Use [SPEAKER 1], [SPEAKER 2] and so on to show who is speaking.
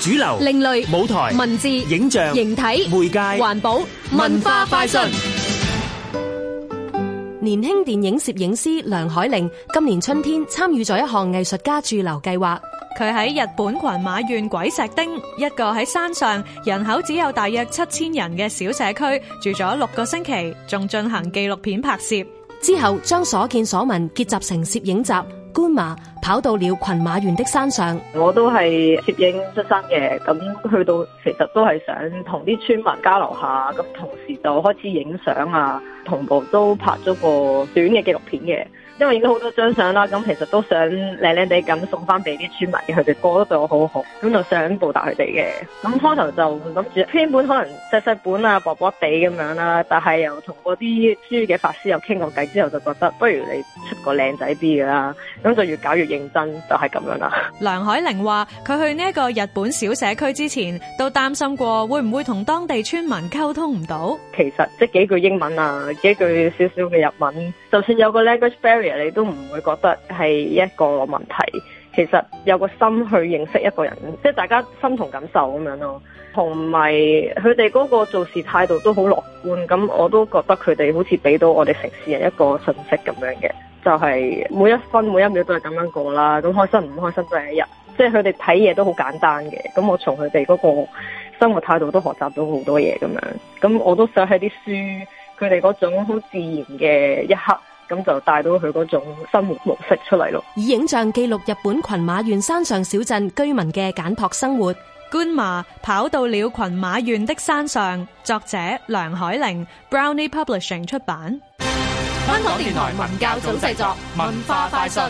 [SPEAKER 1] 主
[SPEAKER 2] 流、另
[SPEAKER 1] 類、舞台、文字、影像、形體、媒介、
[SPEAKER 2] 環保、文化官馬跑到了群馬縣的山上，我都係攝影
[SPEAKER 3] 出身嘅。咁去到其實都係想同啲村民交流下，咁同時就開始影相啊，同步都拍咗個短嘅紀錄片嘅。因為已經咗好多張相啦，咁其實都想靚靚地咁送翻俾啲村民，佢哋得對我好好，咁就想報答佢哋嘅。咁開頭就諗住編本可能細細本啊薄薄地咁樣啦，但係又同嗰啲書嘅法師又傾過偈之後，就覺得不如你出個靚仔啲噶啦，咁就越搞越認真，就係咁樣啦。
[SPEAKER 1] 梁海玲話佢去呢一個日本小社區之前，都擔心過會唔會同當地村民溝通唔到。
[SPEAKER 3] 其實即係幾句英文啊，幾句少少嘅日文。就算有個 language barrier，你都唔會覺得係一個問題。其實有個心去認識一個人，即係大家心同感受咁樣咯。同埋佢哋嗰個做事態度都好樂觀，咁我都覺得佢哋好似俾到我哋城市人一個信息咁樣嘅，就係每一分每一秒都係咁樣過啦。咁開心唔開心都係一日。即係佢哋睇嘢都好簡單嘅，咁我從佢哋嗰個生活態度都學習到好多嘢咁樣。咁我都想喺啲書。佢哋嗰種好自然嘅一刻，咁就帶到佢嗰種生活模式出嚟咯。
[SPEAKER 1] 以影像記錄日本群馬縣山上小鎮居民嘅簡樸生活。官馬跑到了群馬縣的山上。作者：梁海玲，Brownie Publishing 出版。
[SPEAKER 3] 香港電台文教組製作，文化快訊。